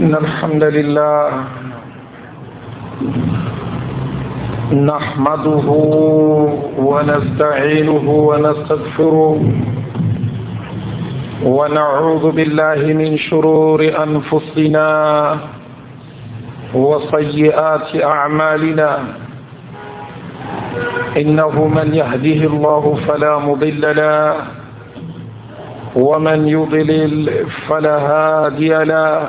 إن الحمد لله نحمده ونستعينه ونستغفره ونعوذ بالله من شرور أنفسنا وسيئات أعمالنا إنه من يهده الله فلا مضل له ومن يضلل فلا هادي له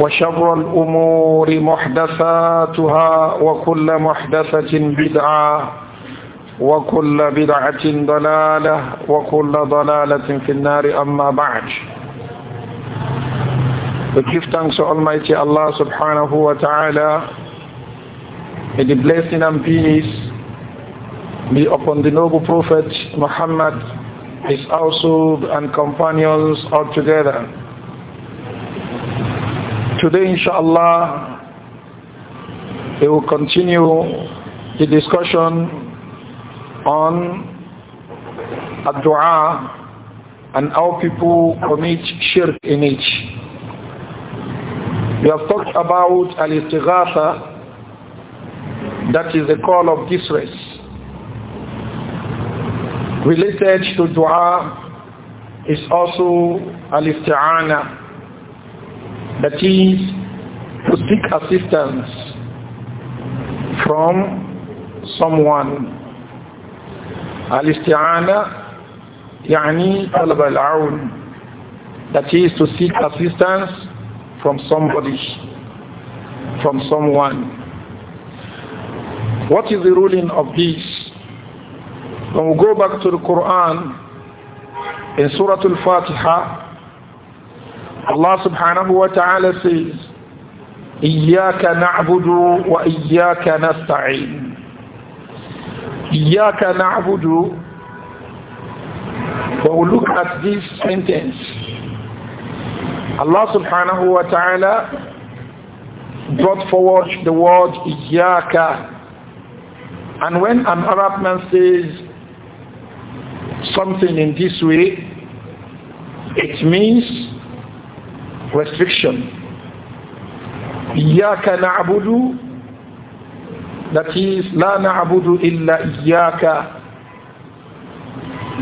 وشر الأمور محدثاتها وكل محدثة بدعة وكل بدعة ضلالة وكل ضلالة في النار أما بعد We give thanks to Almighty Allah subhanahu wa ta'ala. May the blessing and peace be upon the noble Prophet Muhammad, his household and companions altogether. today, inshallah, we will continue the discussion on ad-dua and how people commit shirk in it. We have talked about al-istighatha, that is the call of distress, related to dua is also al istighana that is to seek assistance from someone. Al-isti'ana يعني al العون that is to seek assistance from somebody, from someone. What is the ruling of this? When we go back to the Quran, in Surah Al-Fatiha, Allah subhanahu wa ta'ala says, إِيَّاكَ نَعْبُدُ وَإِيَّاكَ نَسْتَعِينُ إِيَّاكَ نَعْبُدُ But we look at this sentence, Allah subhanahu wa ta'ala brought forward the word إِيَّاكَ And when an Arab man says something in this way, it means restriction. Iyaka na'budu, that is, la na'budu illa iyaka.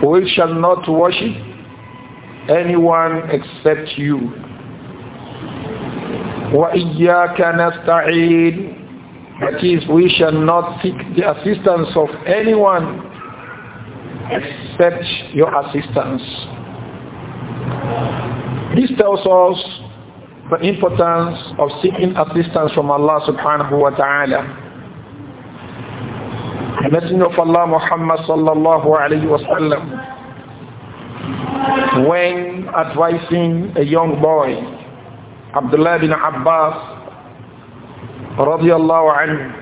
We shall not worship anyone except you. Wa iyaka nasta'in, that is, we shall not seek the assistance of anyone except your assistance. This tells us the importance of seeking assistance from Allah subhanahu wa ta'ala. The Messenger of Allah Muhammad sallallahu alayhi wa sallam, when advising a young boy, Abdullah bin Abbas radiallahu anhu,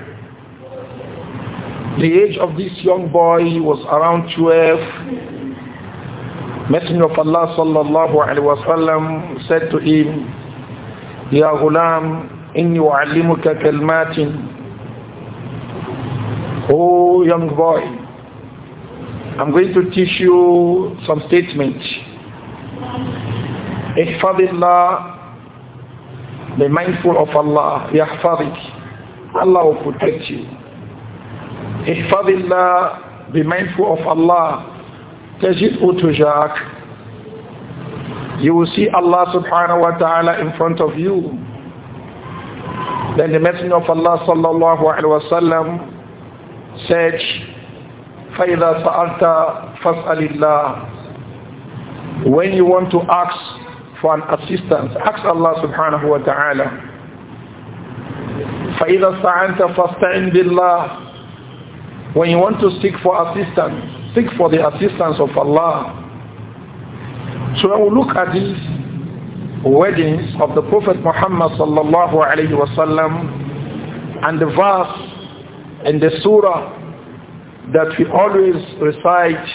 the age of this young boy was around 12 Messenger of Allah sallallahu alaihi wasallam said to him, يا غلام إني أعلمك كلمات Oh young boy, I'm going to teach you some statements. احفظ الله Be mindful of Allah. يحفظك Allah will protect you. احفظ الله Be mindful of Allah. تجد تجاك you will see Allah subhanahu wa ta'ala in front of you. Then the Messenger of Allah sallallahu alayhi wa sallam said, فَإِذَا سَأَلْتَ فَاسْأَلِ اللَّهِ When you want to ask for an assistance, ask Allah subhanahu wa ta'ala. فَإِذَا saanta فَاسْتَعِنْ بِاللَّهِ When you want to seek for assistance, seek for the assistance of Allah. So when we look at these weddings of the Prophet Muhammad sallallahu alayhi wasallam and the verse in the surah that we always recite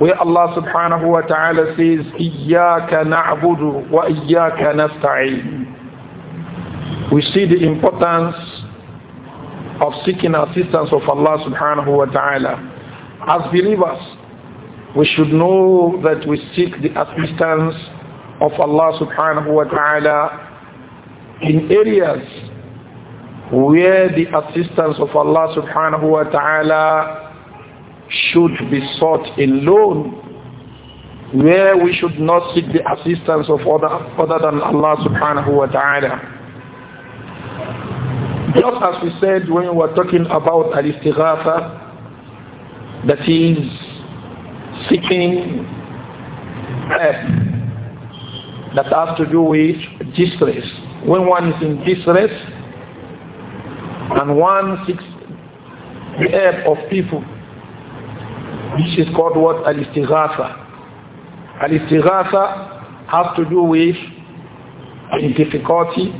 where Allah subhanahu wa ta'ala says إِيَّاكَ iya وَإِيَّاكَ نَسْتَعِينُ We see the importance of seeking assistance of Allah subhanahu wa ta'ala. As believers, we should know that we seek the assistance of Allah subhanahu wa ta'ala in areas where the assistance of Allah subhanahu wa ta'ala should be sought alone where we should not seek the assistance of other, other than Allah subhanahu wa ta'ala. Just as we said when we were talking about al-istighatha, that is seeking help eh, that has to do with distress. When one is in distress and one seeks the help of people, which is called what? Al-Istighatha. Al-Istighatha has to do with difficulty,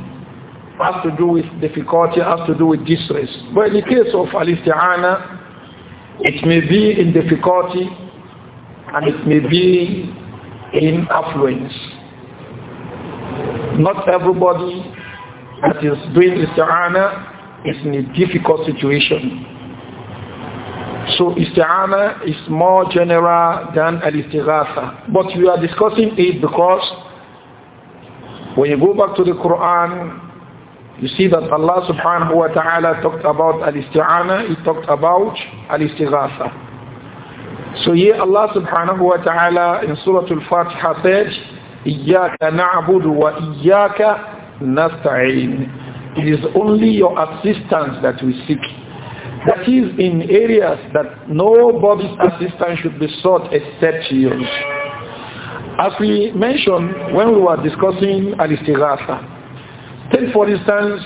has to do with difficulty, has to do with distress. But in the case of Al-Isti'ana, it may be in difficulty, and it may be in affluence. Not everybody that is doing isti'ana is in a difficult situation. So isti'ana is more general than al-istighatha. But we are discussing it because when you go back to the Quran, you see that Allah subhanahu wa ta'ala talked about al-isti'ana, he talked about al-istighatha. So here Allah subhanahu wa ta'ala in Surah Al-Fatiha said, إِيَّاكَ wa وَإِيَّاكَ nasta'in." It is only your assistance that we seek. That is in areas that nobody's assistance should be sought except yours. As we mentioned when we were discussing Al-Istighatha, take for instance,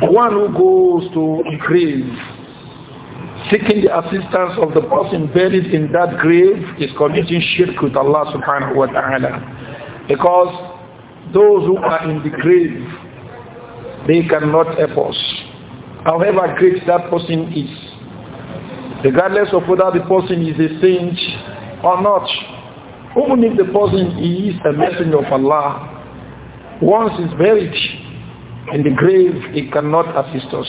one who goes to increase seeking the assistance of the person buried in that grave is committing shirk with Allah subhanahu wa ta'ala. Because those who are in the grave, they cannot help us. However great that person is, regardless of whether the person is a saint or not, even if the person is a messenger of Allah, once he's buried in the grave, he cannot assist us.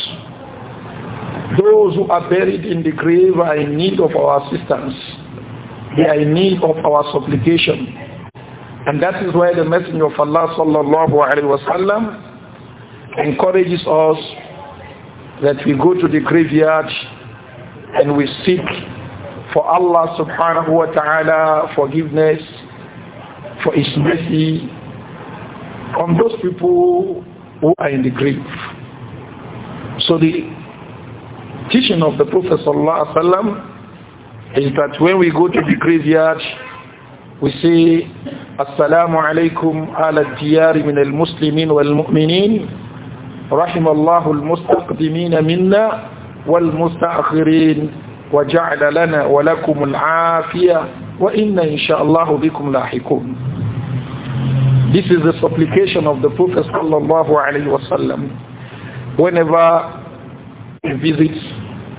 Those who are buried in the grave are in need of our assistance. They are in need of our supplication. And that is why the Messenger of Allah sallallahu alayhi wa sallam encourages us that we go to the graveyard and we seek for Allah subhanahu wa ta'ala forgiveness, for His mercy on those people who are in the grave. So the teaching of the Prophet ﷺ is that when we go to the graveyard, we say, Assalamu alaikum ala diyari min al-muslimin wal-mu'minin, rahimallahu al mustaqdimin minna wal-musta'akhirin, wa ja'ala lana wa lakum al-afiyah, wa inna insha'allahu bikum lahikun. This is the supplication of the Prophet sallallahu alayhi wa sallam. Whenever he visits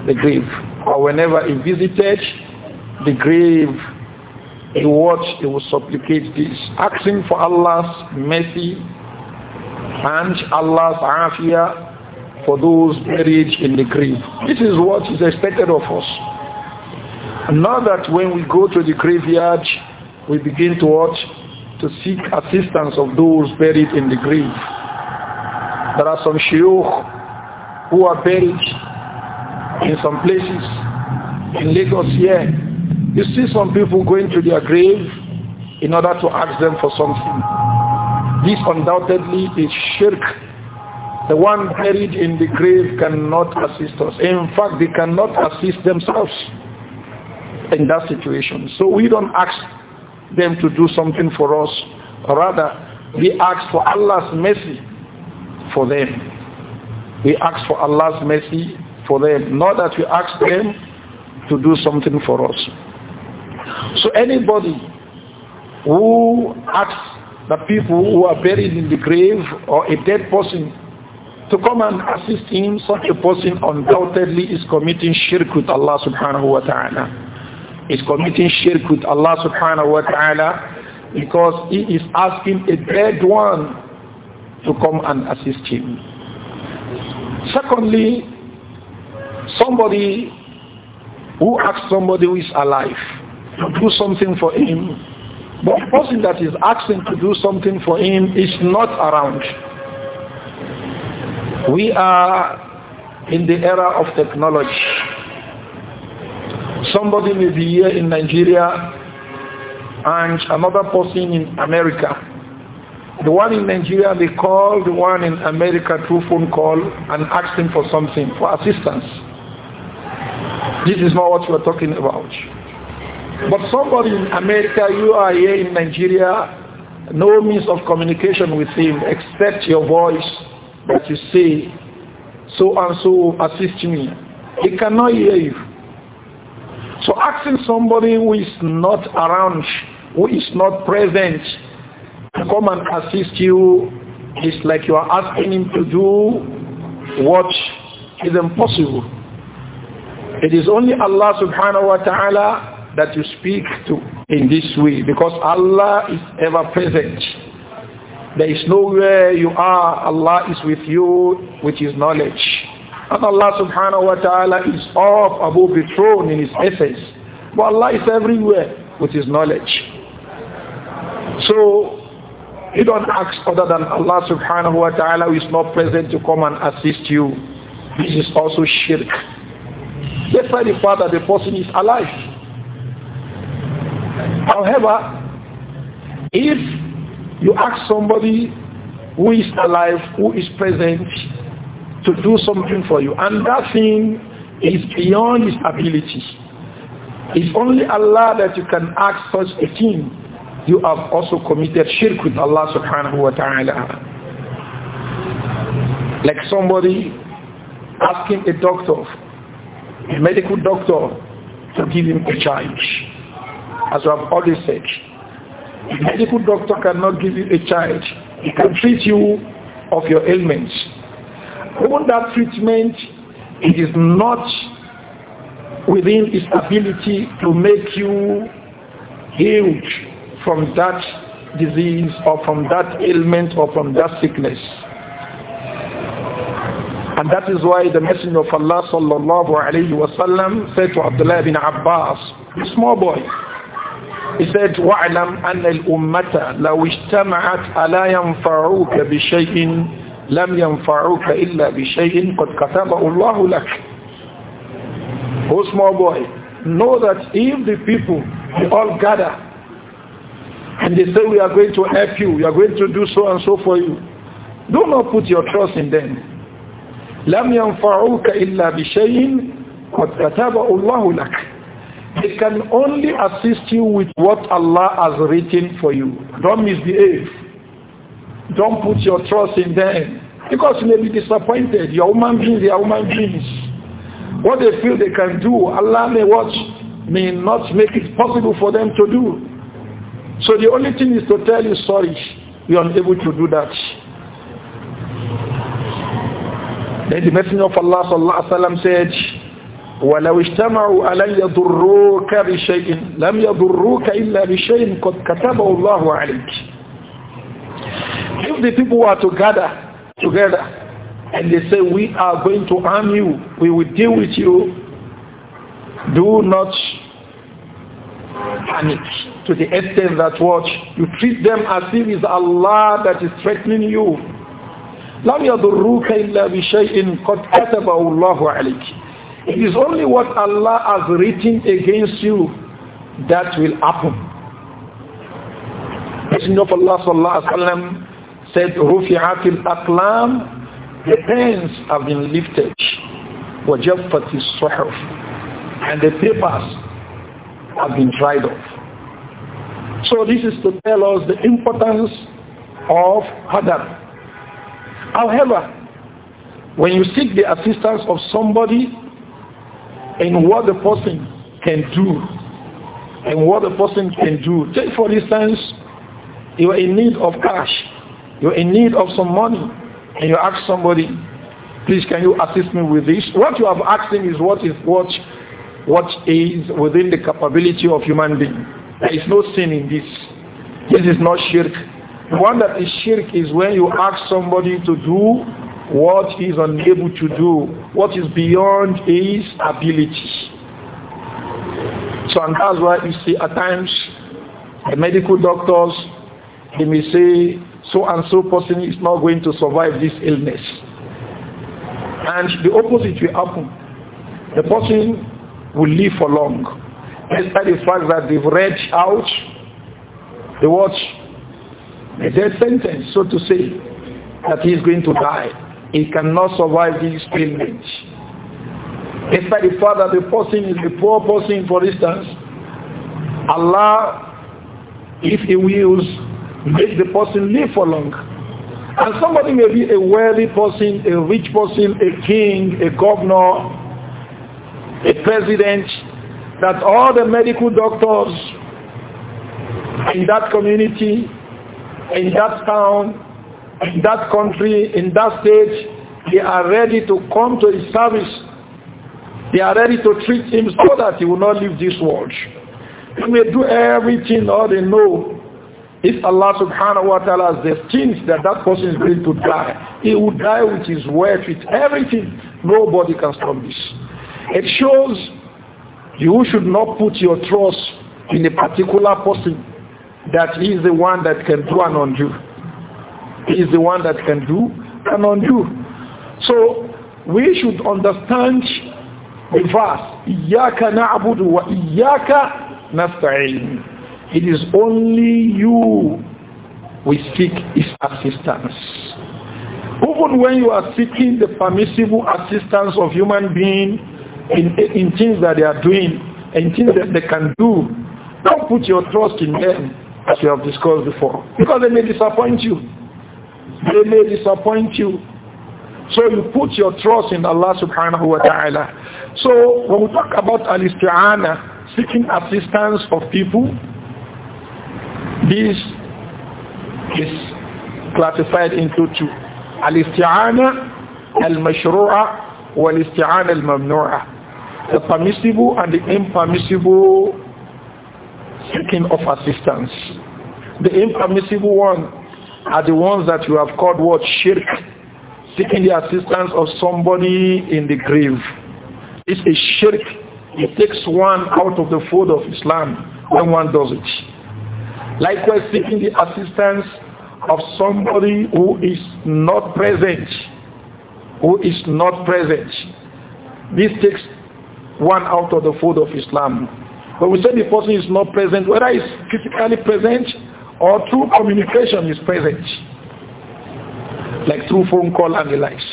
the grave. Or whenever he visited the grave, he watched, he will supplicate this, asking for Allah's mercy and Allah's afia for those buried in the grave. This is what is expected of us. And now that when we go to the graveyard, we begin to watch, to seek assistance of those buried in the grave. There are some shiuch who are buried in some places in Lagos here. You see some people going to their grave in order to ask them for something. This undoubtedly is shirk. The one buried in the grave cannot assist us. In fact, they cannot assist themselves in that situation. So we don't ask them to do something for us. Rather, we ask for Allah's mercy for them. We ask for Allah's mercy for them, not that we ask them to do something for us. So anybody who asks the people who are buried in the grave or a dead person to come and assist him, such a person undoubtedly is committing shirk with Allah subhanahu wa ta'ala. Is committing shirk with Allah subhanahu wa ta'ala because he is asking a dead one to come and assist him. Secondly, somebody who asks somebody who is alive to do something for him, but the person that is asking to do something for him is not around. We are in the era of technology. Somebody may be here in Nigeria and another person in America the one in Nigeria, they called the one in America through phone call and asked him for something, for assistance. This is not what we're talking about. But somebody in America, you are here in Nigeria, no means of communication with him except your voice that you say, so and so assist me. He cannot hear you. So asking somebody who is not around, who is not present, to come and assist you is like you are asking him to do what is impossible. It is only Allah subhanahu wa ta'ala that you speak to in this way because Allah is ever present. There is nowhere you are, Allah is with you with his knowledge. And Allah subhanahu wa ta'ala is off above the throne in his essence. But Allah is everywhere with his knowledge. So you don't ask other than Allah subhanahu wa ta'ala who is not present to come and assist you. This is also shirk. That's why the fact that the person is alive. However, if you ask somebody who is alive, who is present, to do something for you, and that thing is beyond his ability, it's only Allah that you can ask such a thing you have also committed shirk with Allah subhanahu wa ta'ala. Like somebody asking a doctor, a medical doctor, to give him a child. As I have already said, a medical doctor cannot give you a child. He can treat you of your ailments. Even that treatment, it is not within his ability to make you healed from that disease or from that ailment or from that sickness. And that is why the Messenger of Allah sallallahu alayhi wasallam said to Abdullah bin Abbas, a small boy, he said, وَعْلَمْ أَنَّ الْأُمَّةَ لَوْ اجْتَمَعَتْ أَلَا يَنْفَعُوكَ بِشَيْءٍ لَمْ يَنْفَعُوكَ إِلَّا بِشَيْءٍ قَدْ كَتَبَهُ اللَّهُ لَكَ Oh small boy, know that if the people, they all gather and they say we are going to help you, we are going to do so and so for you. Do not put your trust in them. لَمْ يَنْفَعُوكَ إِلَّا بِشَيْءٍ كَتَبَهُ اللَّهُ لَكَ They can only assist you with what Allah has written for you. Don't misbehave. Don't put your trust in them. Because you may be disappointed. Your human beings, your human beings. What they feel they can do, Allah may watch, may not make it possible for them to do. So the only thing is to tell you, sorry, you are unable to do that. Then the Messenger of Allah sallallahu alaihi wasallam said, ولو اجتمعوا ألن يضروك بشيء لم يضروك إلا بشيء قد كتبه الله عليك If the people were together, together and they say we are going to harm you, we will deal with you, do not panic to the extent that what you treat them as if it's Allah that is threatening you. لم إلا بشيء قد كتبه الله عليك. It is only what Allah has written against you that will happen. Messenger of Allah sallallahu alaihi wasallam said, "رفعت الأقلام, the pens have been lifted, وجفت الصحف, and the papers have been tried of. So this is to tell us the importance of Hadar. However, when you seek the assistance of somebody in what the person can do, and what the person can do. Take for instance, you are in need of cash, you are in need of some money, and you ask somebody, please can you assist me with this? What you have asked him is what is what what is within the capability of human being. There is no sin in this. This is not shirk. The one that is shirk is when you ask somebody to do what he is unable to do, what is beyond his ability. So and that's why you see at times the medical doctors, they may say so and so person is not going to survive this illness. And the opposite will happen. The person will live for long. Despite the fact that they've read out the watch, a death sentence, so to say, that he is going to die. He cannot survive this pilgrimage. Despite the fact that the person is a poor person, for instance, Allah, if he wills, make the person live for long. And somebody may be a wealthy person, a rich person, a king, a governor, a president, that all the medical doctors in that community, in that town, in that country, in that state, they are ready to come to his service. They are ready to treat him so that he will not leave this world. They may do everything all they know. If Allah subhanahu wa ta'ala has destined that that person is going to die, he will die with his wealth, with everything. Nobody can stop this. It shows you should not put your trust in a particular person That is the one that can do an undo. He is the one that can do on undo. So we should understand the verse, Iyaka na'budu wa Iyaka nasta'in. It is only you we seek his assistance. Even when you are seeking the permissible assistance of human being, in, in things that they are doing, in things that they can do. Don't put your trust in them, as we have discussed before, because they may disappoint you. They may disappoint you. So you put your trust in Allah subhanahu wa ta'ala. So when we talk about al seeking assistance of people, this is classified into two. Al-isti'ana al-mashru'a wal-isti'ana al-mamnu'a the permissible and the impermissible seeking of assistance. The impermissible one are the ones that you have called what shirk, seeking the assistance of somebody in the grave. It's a shirk. It takes one out of the fold of Islam when one does it. Likewise, seeking the assistance of somebody who is not present, who is not present. This takes one out of the fold of Islam. But we say the person is not present, whether he's physically present or through communication is present, like through phone call and the likes.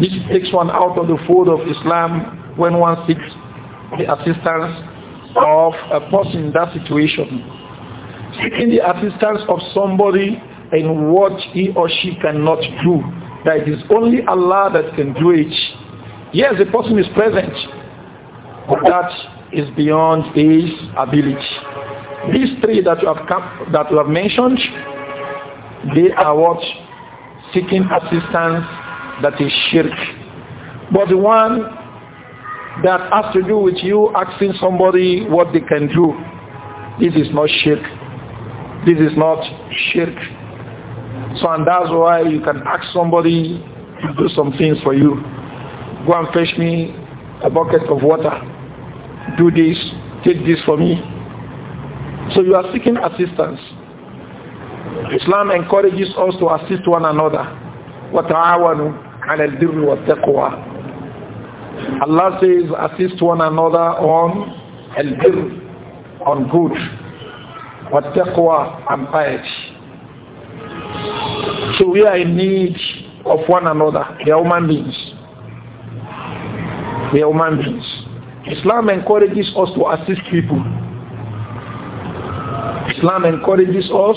This takes one out of the fold of Islam when one seeks the assistance of a person in that situation. Seeking the assistance of somebody in what he or she cannot do, that it is only Allah that can do it Yes, the person is present, but that is beyond his ability. These three that you have, that you have mentioned, they are what? Seeking assistance that is shirk. But the one that has to do with you asking somebody what they can do, this is not shirk. This is not shirk. So and that's why you can ask somebody to do some things for you go and fetch me a bucket of water. Do this, take this for me. So you are seeking assistance. Islam encourages us to assist one another. وَتَعَاوَنُوا عَلَى الْبِرِّ وَالتَّقْوَى Allah says, assist one another on al-birr, on good, وَالتَّقْوَى and piety. So we are in need of one another, we are human beings. We are human beings. Islam encourages us to assist people. Islam encourages us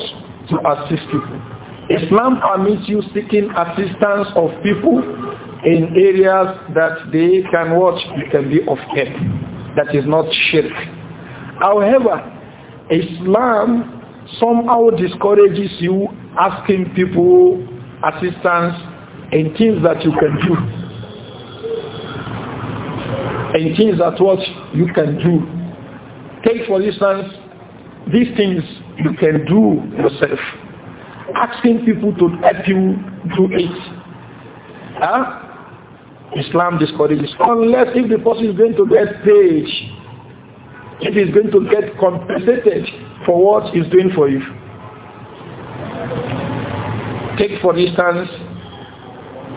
to assist people. Islam permits you seeking assistance of people in areas that they can watch, you can be of help. That is not shirk. However, Islam somehow discourages you asking people assistance in things that you can do and things that what you can do. Take for instance, these things you can do yourself. Asking people to help you do it. Huh? Islam discourages. Unless if the person is going to get paid, if he's going to get compensated for what he's doing for you. Take for instance,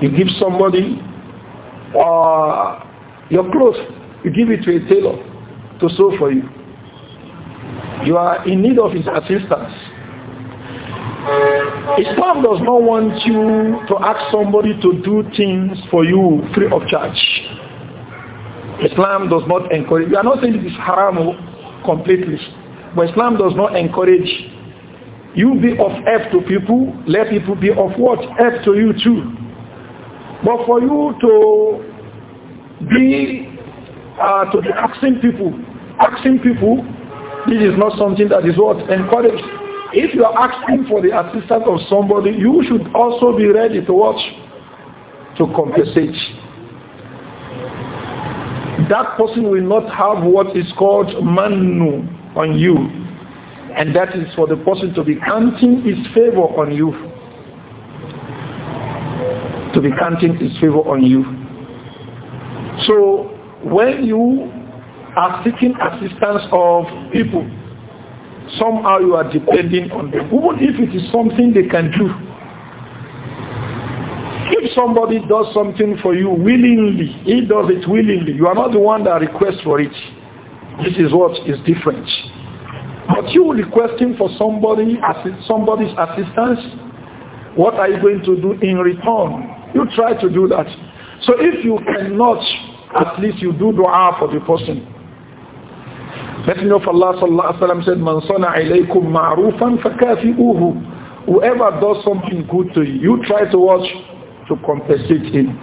you give somebody uh, your clothes, you give it to a tailor to sew for you. You are in need of his assistance. Islam does not want you to ask somebody to do things for you free of charge. Islam does not encourage, we are not saying this haram completely, but Islam does not encourage you be of help to people, let people be of what? Help to you too. But for you to be uh, to be asking people, asking people, this is not something that is worth encouraged. If you are asking for the assistance of somebody, you should also be ready to watch, to compensate. That person will not have what is called manu on you. And that is for the person to be counting his favor on you. To be counting his favor on you. So when you are seeking assistance of people, somehow you are depending on them, even if it is something they can do. If somebody does something for you willingly, he does it willingly. You are not the one that requests for it. This is what is different. But you requesting for somebody, somebody's assistance, what are you going to do in return? You try to do that. So if you cannot, at least you do dua for the person. Let me know. of Allah sallallahu alaihi wasallam said, "Man sana ilaykum ma'rufan fakafi'uhu." Whoever does something good to you, you try to watch to compensate him.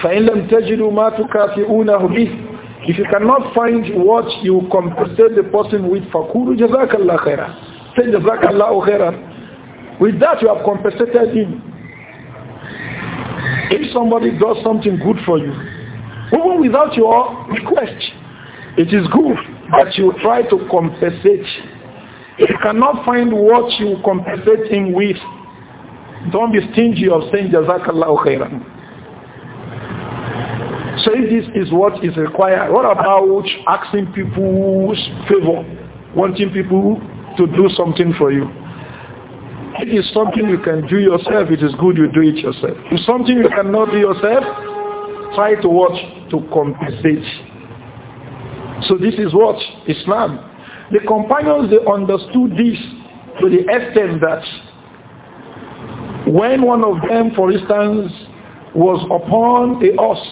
فَإِن لَمْ تَجِدُوا مَا تُكَافِئُونَهُ بِهِ if you cannot find what you compensate the person with, فَقُولُ جَزَاكَ اللَّهُ خَيْرًا Say جَزَاكَ اللَّهُ خَيْرًا With that you have compensated him. If somebody does something good for you, even without your request, it is good that you try to compensate. If you cannot find what you compensate him with, don't be stingy of saying Jazakallah khairan. So this is what is required, what about asking people's favor, wanting people to do something for you? it's something you can do yourself, it is good you do it yourself. If something you cannot do yourself, try to watch to compensate. So this is what Islam. The companions, they understood this to the extent that when one of them, for instance, was upon a horse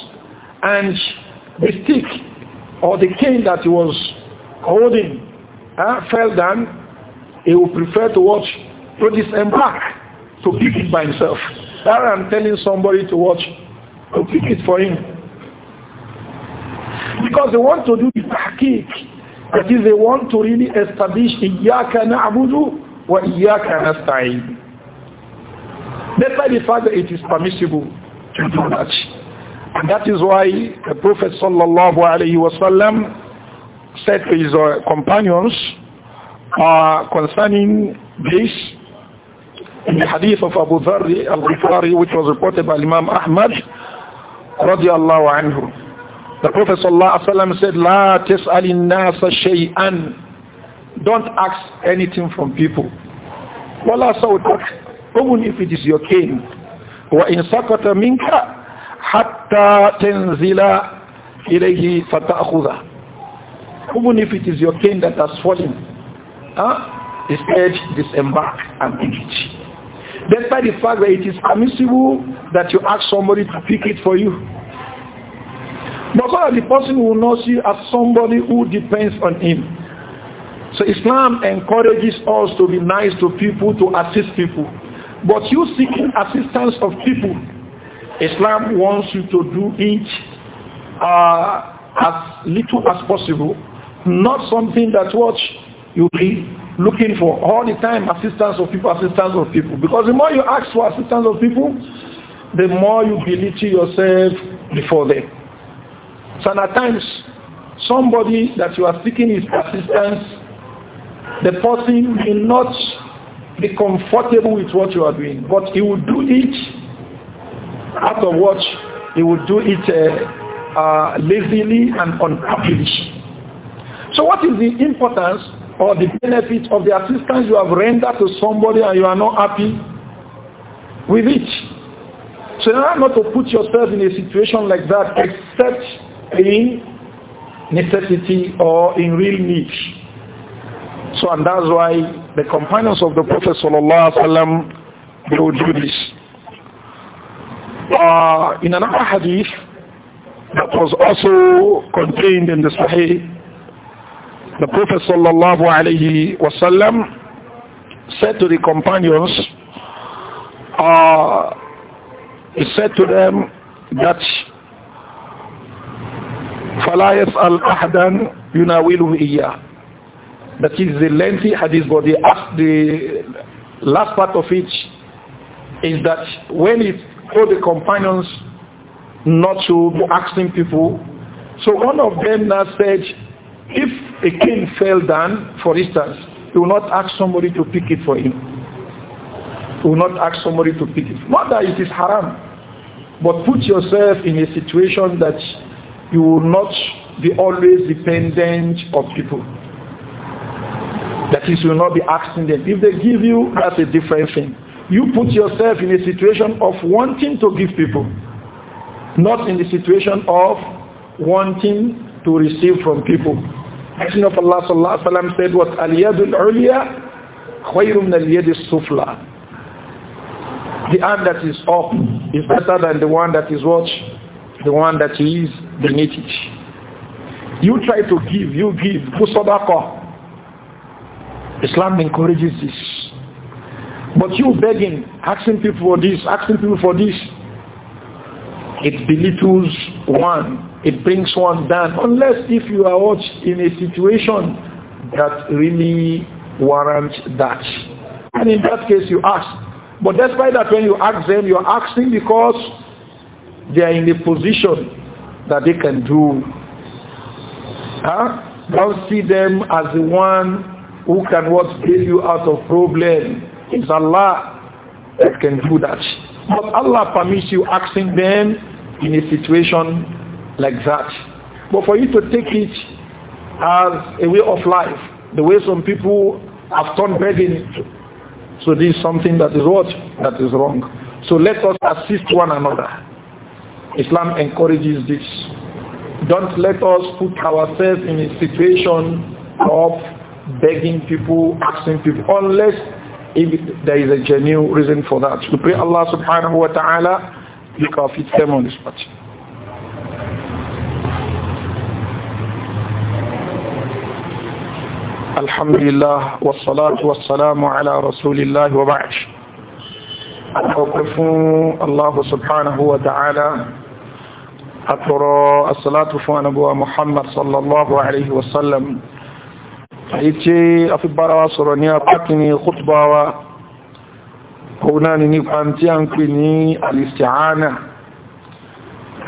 and the stick or the cane that he was holding uh, fell down, he would prefer to watch to disembark, to pick it by himself. Rather than telling somebody to watch, to pick it for him. Because they want to do the tahqiq. That is, they want to really establish إِيَّاكَ نَعْبُدُ style. نَسْتَعِينُ Despite the fact that it is permissible to do that. And that is why the Prophet sallallahu alayhi wasallam said to his uh, companions uh, concerning this in the hadith of Abu Dharr al-Ghifari which was reported by Imam Ahmad radiallahu anhu. The Prophet sallallahu said, La tes'alin nasa shay'an. Don't ask anything from people. Wala sawtak. Even if it is your cane. Wa in sakata minka hatta tenzila ilayhi fata'khudha. Even if it is your cane that has fallen, huh? instead disembark and take it. Despite the fact that it is permissible that you ask somebody to pick it for you. But so the person will not see you as somebody who depends on him. So Islam encourages us to be nice to people, to assist people. But you seeking assistance of people, Islam wants you to do it uh, as little as possible, not something that what you be looking for all the time assistance of people, assistance of people. Because the more you ask for assistance of people, the more you belittle yourself before them. So at times, somebody that you are seeking his assistance, the person will not be comfortable with what you are doing, but he will do it out of what he will do it uh, uh, lazily and unhappily. So what is the importance or the benefit of the assistance you have rendered to somebody and you are not happy with it. So you are not to put yourself in a situation like that except in necessity or in real need. So and that's why the companions of the Prophet sallallahu they would do this. Uh, in another hadith that was also contained in the Sahih the Prophet sallallahu alaihi wasallam said to the companions, uh, he said to them that فَلَا al-ahdan يُنَاوِلُهُ That is the lengthy hadith, but the, the last part of it is that when it told the companions not to be asking people, so one of them now said, if a king fell down, for instance, he will not ask somebody to pick it for him. He will not ask somebody to pick it. Not that it is haram, but put yourself in a situation that you will not be always dependent of people. That is, you will not be asking them. If they give you, that's a different thing. You put yourself in a situation of wanting to give people, not in the situation of wanting to receive from people. Messenger of Allah sallallahu said what al-yadul ulya khayrun al-yadis sufla. The hand that is up is better than the one that is what? The one that is beneath it. You try to give, you give, sadaqah. Islam encourages this. But you begging, asking people for this, asking people for this, it belittles one. It brings one down. Unless if you are watched in a situation that really warrants that. And in that case, you ask. But despite that, when you ask them, you're asking because they are in a position that they can do. Huh? Don't see them as the one who can what get you out of problem. It's Allah that can do that. But Allah permits you asking them in a situation like that. But for you to take it as a way of life, the way some people have turned begging, so this is something that is what? That is wrong. So let us assist one another. Islam encourages this. Don't let us put ourselves in a situation of begging people, asking people, unless if there is a genuine reason for that. We pray Allah subhanahu wa ta'ala يقرأ في الثامن الإثباتي الحمد لله والصلاة والسلام على رسول الله وبعد أتوقف الله سبحانه وتعالى أترى الصلاة فوانبوى محمد صلى الله عليه وسلم أيتي أفبارا صرنيا قتني خطبة òun náà ni nípa tí a ń alistiana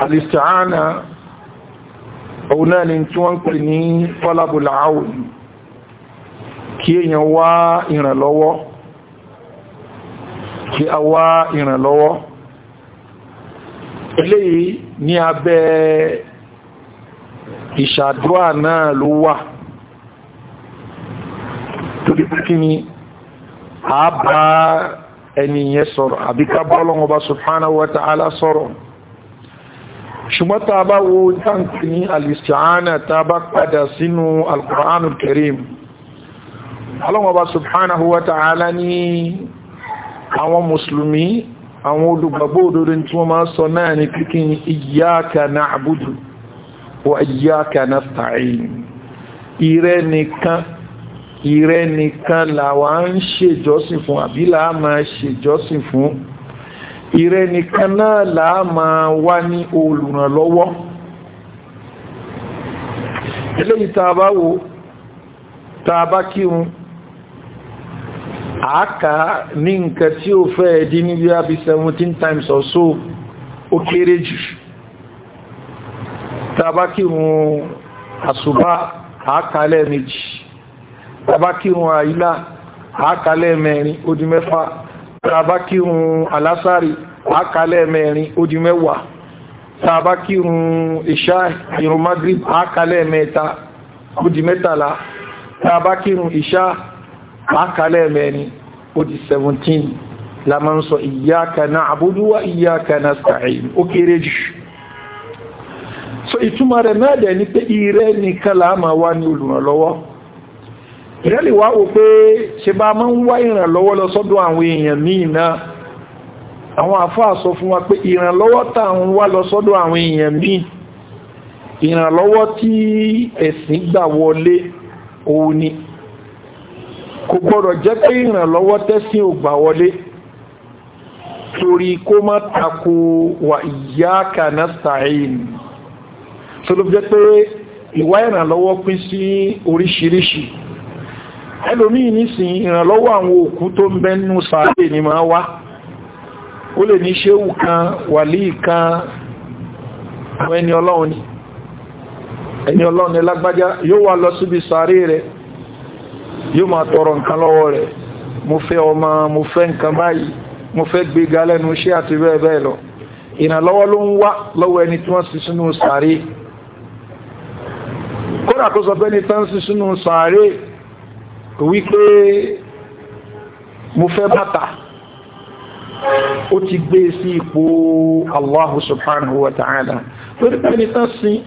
alistiana òun ni tí wọ́n ń pè ní fọ́lábùlà áwòdù kí èèyàn wá ìrànlọ́wọ́ kí a wá ìrànlọ́wọ́ eléyìí ní náà ló wà torí pé kí ni a ẹni yẹn sọ̀rọ̀ àbí ká bá Ọlọ́run Ọba subhanahu wa ta'ala sọ̀rọ̀ ṣùgbọ́n tá a bá wo táǹkì ní al-isti'ana tá a bá padà sínú al-Qur'anul Karim Ọlọ́run Ọba subhanahu wa ta'ala ní àwọn mùsùlùmí àwọn olùgbàgbọ́ òdodo tí wọ́n máa sọ náà ní kíkín iyyaka na'budu wa iyyaka nasta'in ìrẹ́ nìkan ìrẹ nìkan làwa ń ṣèjọ́sìn fún àbí làá máa ṣèjọ́sìn fún ìrẹ nìkan náà làá máa wá ní olùrànlọ́wọ́ eléyìí tá a bá wo tá a bá kírun àákà ní nǹkan tí ó fẹ́ ẹ̀dí ní bí i 17 times or so ó kéré jù tá a bá kírun àsùbá àákà lẹ́ẹ̀mejì tàbá kírun àìlá àákalẹ̀ mẹ́rin ó di mẹ́fà tàbá kírun alásàrí àákalẹ̀ mẹ́rin ó di mẹ́wàá tàbá kírun ìṣá ìrun magrib àákalẹ̀ mẹ́ta ó di mẹ́tàlá tàbá kírun ìṣá àákalẹ̀ mẹ́rin ó di 17 la máa ń sọ iyyaka ó kéré jù so ìtumọ̀ rẹ̀ náà ní pé ire nìkan la wá ní olùrànlọ́wọ́ ìrẹ́lì wá wò pé ṣe bá mọ́ ń wá ìrànlọ́wọ́ lọ sọ́dọ̀ àwọn èèyàn míì náà àwọn àfáà sọ fún wa pé ìrànlọ́wọ́ tà ń wá lọ sọ́dọ̀ àwọn èèyàn ìrànlọ́wọ́ tí ẹ̀sìn gbà wọlé òun ni kò gbọ́dọ̀ jẹ́ pé ìrànlọ́wọ́ tẹ́sìn ò gbà wọlé torí kó má tako wà iyyaka nasta'in tó ló jẹ́ pé ìwá ìrànlọ́wọ́ pín sí oríṣiríṣi ẹlòmíì nísìn ìrànlọ́wọ́ àwọn òkú tó ń bẹ nínú ni máa wá ó lè ní ṣéwù kan wàlí kan àwọn ẹni ọlọ́run ni ẹni ọlọ́run ni lágbájá yóò wá lọ síbi sàárè rẹ̀ yóò máa tọrọ nǹkan lọ́wọ́ rẹ̀ mo fẹ́ ọmọ mo fẹ́ nǹkan báyìí mo fẹ́ gbéga lẹ́nu iṣẹ́ àti bẹ́ẹ̀ bẹ́ẹ̀ lọ ìrànlọ́wọ́ ló ń wá lọ́wọ́ ẹni tí wọ́n sì sínú sàárè kódà kó sọ pé ẹni tán sì sínú sàárè wípé mo fẹ́ bàtà ó ti gbé e sí ipò Allahu subhanahu wa ta'ala lórí pẹ́ni tán sí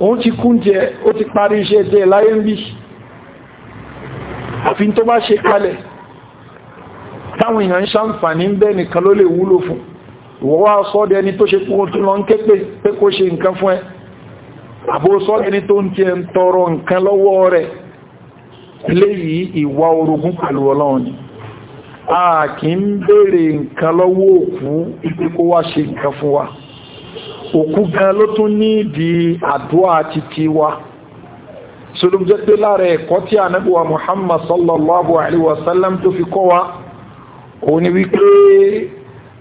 òun ti kúnjẹ ó ti parí iṣẹ́ jẹ láyé ń bí tó bá ṣe kalẹ̀ táwọn èèyàn ṣàǹfàní ń bẹ́ nìkan ló lè wúlò fún ìwọ́wà sọ́dẹ̀ ẹni tó ṣe kúrò tó lọ ń ké pé kó ṣe nǹkan fún ẹ àbó eléyìí ìwà orogún pẹ̀lú ọlọ́run ni a kì ń béèrè nǹkan lọ́wọ́ òkú ipé kó wá ṣe nǹkan fún wa òkú gan ló tún ní ìdí àdúrà títí wa sọlọ́m pé lára ẹ̀kọ́ tí Ànábì wa Muhammad sallallahu alaihi wasallam tó fi kọ́ wa ó ní wípé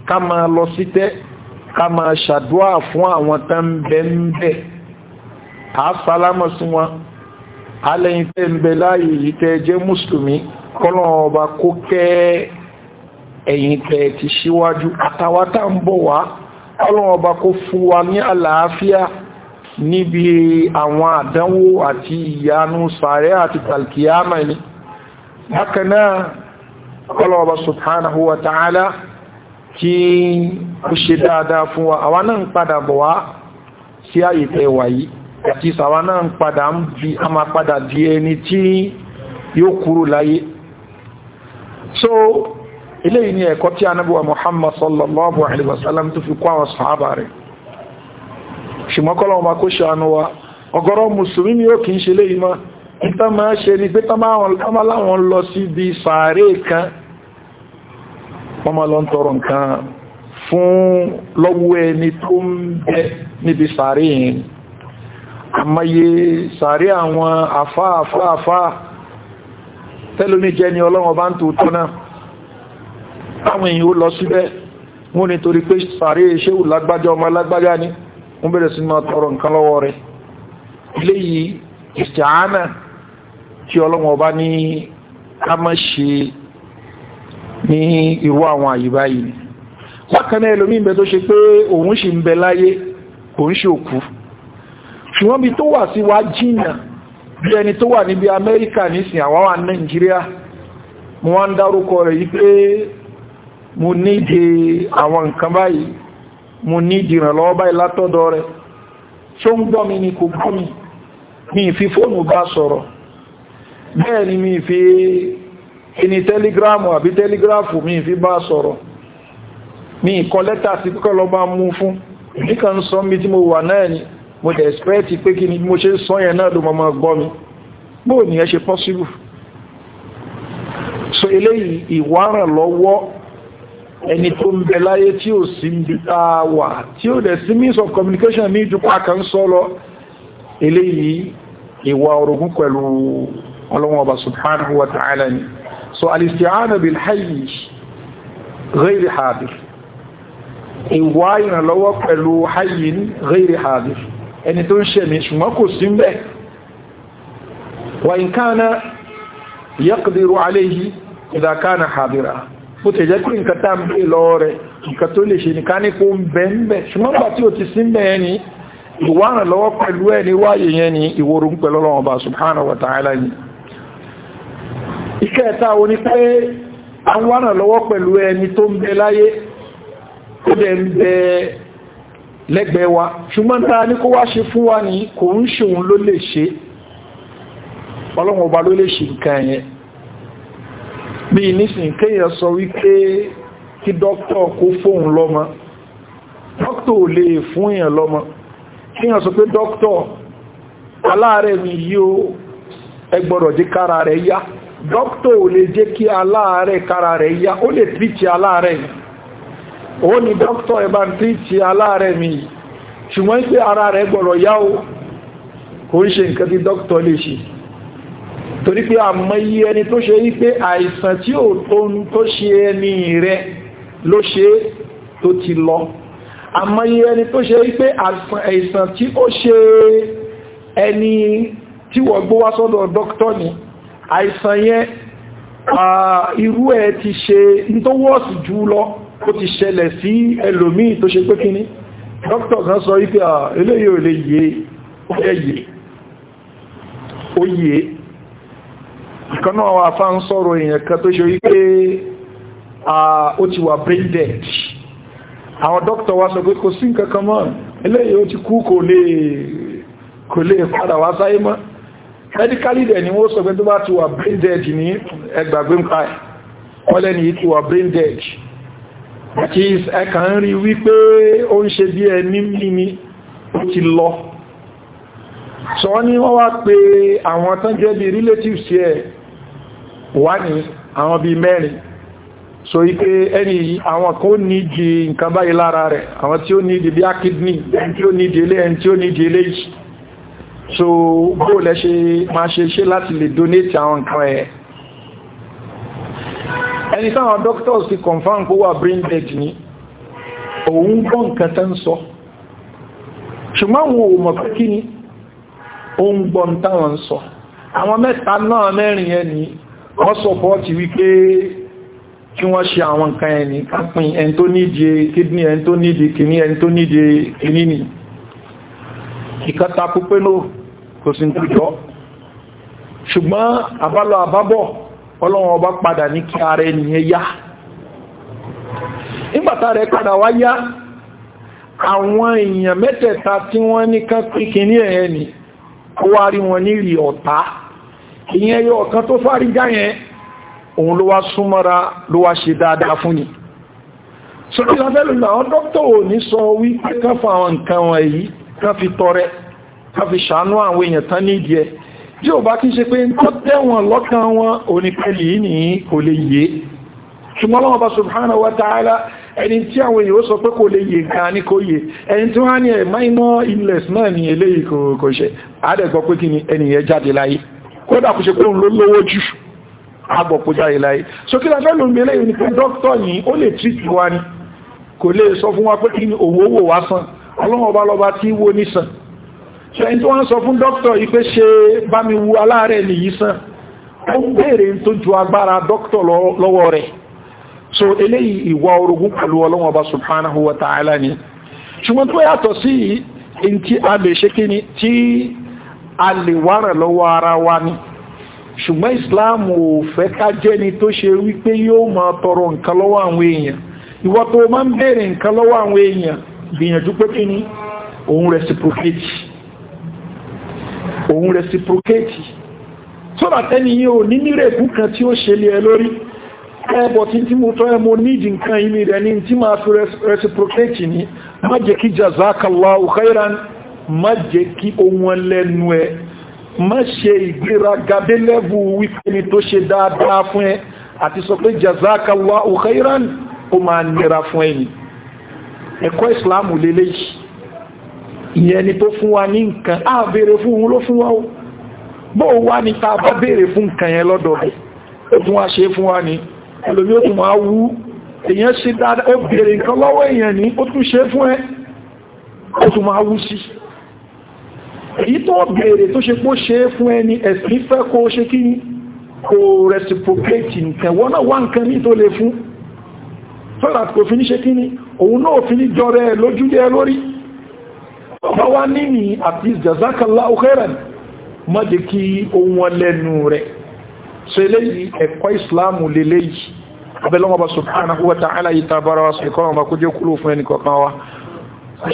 ká máa lọ sítẹ́ ká máa ṣàdúrà fún àwọn tán bẹ́ẹ̀ bẹ́ẹ̀ alẹ́yìn tẹ́ ń bẹ láàyè yìí tẹ́ jẹ́ mùsùlùmí kọ́lọ̀ ọba kó kẹ́ ẹ̀yìn tẹ́ ti ṣíwájú àtàwátà ń bọ̀ wá kọ́lọ̀ ọba kó fún wa ní àlàáfíà níbi àwọn àdánwò àti ìyanu sàárẹ́ àti tàlkìyàmà ọba ta'ala àti sàwa náà ń padà ń bi a máa padà di ẹni tí yóò kúrò láyé so eléyìí ni ẹ̀kọ́ tí Ànábì wa Muhammad sallallahu alaihi wasallam tó fi kọ́ àwọn sàhábà rẹ̀ ṣùgbọ́n kọ́lọ̀ ọmọ wa ọ̀gọ̀rọ̀ mùsùlùmí ni ó kìí ṣe léyìí mọ́ ìta máa ṣe ni pé tọ́mọ́ láwọn lọ sí lọ́wọ́ ẹni tó ń bẹ níbi sàárè yìí àmọye sàárè àwọn àfá àfá àfá tẹ́lómi jẹ́ ni ọlọ́wọ́ bá ń tó tó àwọn èèyàn ó lọ síbẹ̀ wọ́n ni torí pé sàárè ṣéwù lágbájá ọmọ lágbájá ni wọ́n bẹ̀rẹ̀ sí máa tọrọ nǹkan lọ́wọ́ rẹ̀ ilé yìí ìsìtàánà tí ọlọ́wọ́ bá ní ká má ṣe ní irú àwọn àyíbá yìí bákan náà ẹlòmí ń bẹ tó ṣe pé òun sì ń ṣùgbọ́n bí tó wà sí wá jìnà bí ẹni tó wà níbi amẹ́ríkà nísìn àwọn wà nàìjíríà mo wá ń dárúkọ rẹ̀ yí pé mo nídi àwọn nǹkan báyìí mo nídi ìrànlọ́wọ́ báyìí látọ́dọ̀ rẹ̀ tó ń gbọ́ mi ni kò gbọ́ mi mi fi fóònù bá sọ̀rọ̀ bẹ́ẹ̀ ni mi fi ẹni tẹ́lígráàmù àbí tẹ́lígráàfù mi fi bá sọ̀rọ̀ mi kọ lẹ́tà sí pẹ́kọ́ lọ bá mú fún nìkan sọ mi tí mo wà náà ni mo dẹ̀ ẹ̀spẹ́ẹ̀tì pé kí ni mo ṣe ń sọ yẹn náà ló mọ́mọ́ gbọ́ mi bóò ní ẹ ṣe pọ́síbù so eléyìí ìwárànlọ́wọ́ ẹni tó ń bẹ láyé tí ò sí ń bí wà tí ó dẹ̀ sí means of communication ní ìdúpá kan sọ lọ eléyìí ìwà orogún pẹ̀lú ọlọ́wọ́n ọba subhanahu wa ta'ala ni so alistiana bil hayy ghairi hadir ìwà ìrànlọ́wọ́ pẹ̀lú hayyin ghairi hadir ẹni tó ń ṣẹ̀mí ṣùgbọ́n kò sí mbẹ̀ wà ń kánà yẹ́kìdìrú aléyìí ìdá kánà hàbìrà bó tẹ̀ jẹ́ pé nǹkan tá ń bè lọ rẹ̀ nǹkan tó lè ṣe nìkan ní kó ń bẹ̀ ń bẹ̀ ṣùgbọ́n gbà tí ó ti sí mbẹ̀ ẹni ìwárán lọ́wọ́ pẹ̀lú ẹni wáyé yẹn ni ìwòrún pẹ̀lú lẹ́gbẹ̀ẹ́ wa ṣùgbọ́n tá a ní kó wá ṣe fún wa ní kò ń ṣòun ló lè ṣe ọlọ́run ọba ló lè ṣe nǹkan yẹn bí nísìn kéèyàn sọ wípé kí dókítà kó fóun lọ́mọ dókítà ò lè fún èèyàn lọ́mọ kéèyàn sọ pé dókítà aláàárẹ̀ mi yí o jẹ́ kára rẹ̀ yá dókítà ò lè jẹ́ kí aláàárẹ̀ kára rẹ̀ yá ó lè tìrìtì aláàárẹ̀ yìí ó ní dókítọ̀ ẹ̀bá ń tíìtì aláàrẹ̀ mi ṣùgbọ́n pé ara rẹ̀ gbọ́rọ̀ yá o kò ń ṣe nǹkan tí dókítọ̀ lè ṣe torí pé àmọ́ iye ẹni tó ṣe wípé àìsàn tí ò tóun tó ṣe ẹni rẹ̀ ló ṣe tó ti lọ àmọ́ ẹni tó ṣe wípé àìsàn tí ó ṣe ẹni tí wọ́n gbówá sọ́dọ̀ dókítọ̀ ni àìsàn yẹn irú ẹ̀ ti ṣe ní tó wọ́ọ̀sì jù lọ ó ti ṣẹlẹ̀ sí ẹlòmíì tó ṣe pé kíní dókítà kan sọ wípé ah, eléyìí ò lè yé ẹyẹ ó yé ìkaná àwọn afá ń sọ̀rọ̀ èèyàn kan tó ṣe wípé ah, ó ti wà brain dead àwọn dókítà wá sọ pé kò sí nǹkan kan mọ́ eléyìí ó ti kú kò lè kò lè padà wá sáyé mọ́ medically dẹ̀ ni wọ́n sọ pé tó bá ti wà brain dead ní ẹgbàgbé ń pa ẹ̀ wọ́n yìí ti wà brain dead àti ẹ̀kà ń rí wípé ó ń ṣe bí ẹni mímí ó ti lọ sọ ní wọ́n wá pé àwọn tán jẹ́ bí relatives ẹ̀ wá ní àwọn bí mẹ́rin so ipé ẹni àwọn kó ní di nǹkan báyìí lára rẹ̀ àwọn tí ó ní di bí akidni ẹni tí ó ní di ilé ẹni tí ó ní di ilé yìí so bóòlẹ́ ṣe máa ṣe ṣe láti lè donate àwọn nǹkan ẹ̀ ẹni sáwọn doctors ti confam kó wà brain dead ní òun gbọ́n nǹkan tán sọ ṣùgbọ́n àwọn òmọ̀ kí ni òun gbọ́n táwọn sọ àwọn mẹ́ta náà mẹ́rin yẹn ni wọ́n sọpọ́ọ̀tì wípé kí wọ́n ṣe àwọn nǹkan ẹni kápin ẹni tó nídìí kidney ẹni tó nídìí kìíní ẹni tó nídìí kìíní ni ìkàtà púpẹ́ náà kò sí ń tó ṣùgbọ́n àbálọ àbábọ̀ ọlọ́run ọba padà ní kí ara ẹniyẹn ya nígbàtà rẹ̀ padà wá yá àwọn èèyàn mẹ́tẹ̀ẹ̀ta tí wọ́n ní kán ní ẹ̀yẹ ni ó wọn nílì ọ̀tá ìyẹn yọ ọ̀kan tó fárígá yẹn òun ló wá súnmọ́ra ló wá ṣe dáadáa fún ni tí ò bá kí ṣe pé ń tó tẹ́wọ̀n lọ́kàn wọn onípẹ̀lì ní kò lè yé ṣùgbọ́n lọ́wọ́ bá subhanahu wa ta'ala ẹni tí àwọn èèyàn sọ pé kò lè yé nǹkan ní kò yé ẹni tí wọ́n ní ẹ̀má iná ilẹ̀ náà ní eléyìí kò ṣe àádẹ́gbọ́ pé kí ni ẹniyẹ jáde láyé kódà so ẹni tó wọ́n sọ fún dókítọ̀ ipé ṣe bá mi wu aláàrẹ̀ nìyí sàn ó bèèrè tó ju agbára dókítọ̀ lọ́wọ́ rẹ̀ so eléyìí ìwà orogún pẹ̀lú ọlọ́wọ́ bá subhanahu wa ta'ala ni ṣùgbọ́n tó yàtọ̀ sí in tí a lè ni tí a lè wára lọ́wọ́ ara wa ni ṣùgbọ́n Islam ò fẹ́ ká jẹ́ni ni òun reciprocate òun reciprocate so that ẹni yìí ò ní nírèkú kan tí ó ṣe lé ẹ lórí ẹbọ̀ tí tí mo tọ́ ẹ mo ní ìdí nǹkan ìní rẹ̀ ní tí máa fi reciprocate ní má jẹ́ kí jazakallahu khairan má jẹ́ kí ohun ẹlẹ́nu ẹ má ṣe ìgbéraga dé lẹ́bù wípé ni tó ṣe dáadáa fún ẹ àti sọ pé jazakallahu khairan ó máa nira fún ẹni ẹ̀kọ́ ìsìláàmù lélẹ́yìí ìyẹn ni tó fún wa ní nǹkan á béèrè fún òun ló fún wa ó bó wá ní ta bá béèrè fún nǹkan yẹn lọ́dọ̀ rẹ̀ ó tún wá ṣe fún wa ní ẹlòmí ó tún wá wú èyàn ṣe dáadáa ó béèrè nǹkan lọ́wọ́ èyàn ní ó tún ṣe fún ẹ ó tún wá wú sí èyí tó béèrè tó ṣe pó ṣe fún ẹni ẹ̀sìn fẹ́ kó ṣe kí kò reciprocate nǹkan wọ́n náà wá nǹkan ní tó lè fún fẹ́ràn kò fi ní ṣe kí ni òun náà fi ní jọrẹ lójúlé lórí ọba wa ní ní àti jazakallahu khairan má jẹ́ kí ohun ọlẹ́nu rẹ̀ ṣe léyìí ẹ̀kọ́ ìsìláàmù lélẹ́yìí abẹ́lọ́wọ́ bá subhanahu wa ta'ala yìí tàbára wa sọ̀kọ́ wọn bá kó jẹ́ kúrò fún ẹnìkọ̀kan wa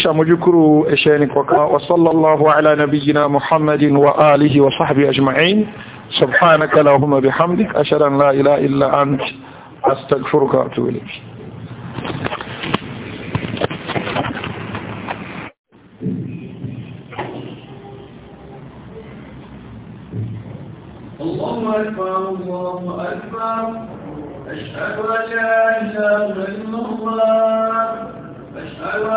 ṣàmójúkúrò ẹ̀ṣẹ̀ ẹnìkọ̀kan wa sallallahu ala nabiyyina muhammadin wa alihi wa sahbihi ajma'in subhanaka lahumma bihamdik ashhadu an la ilaha illa ant astaghfiruka wa atubu ilayk الله أكبر أشهد أن لا إله إلا الله أشهد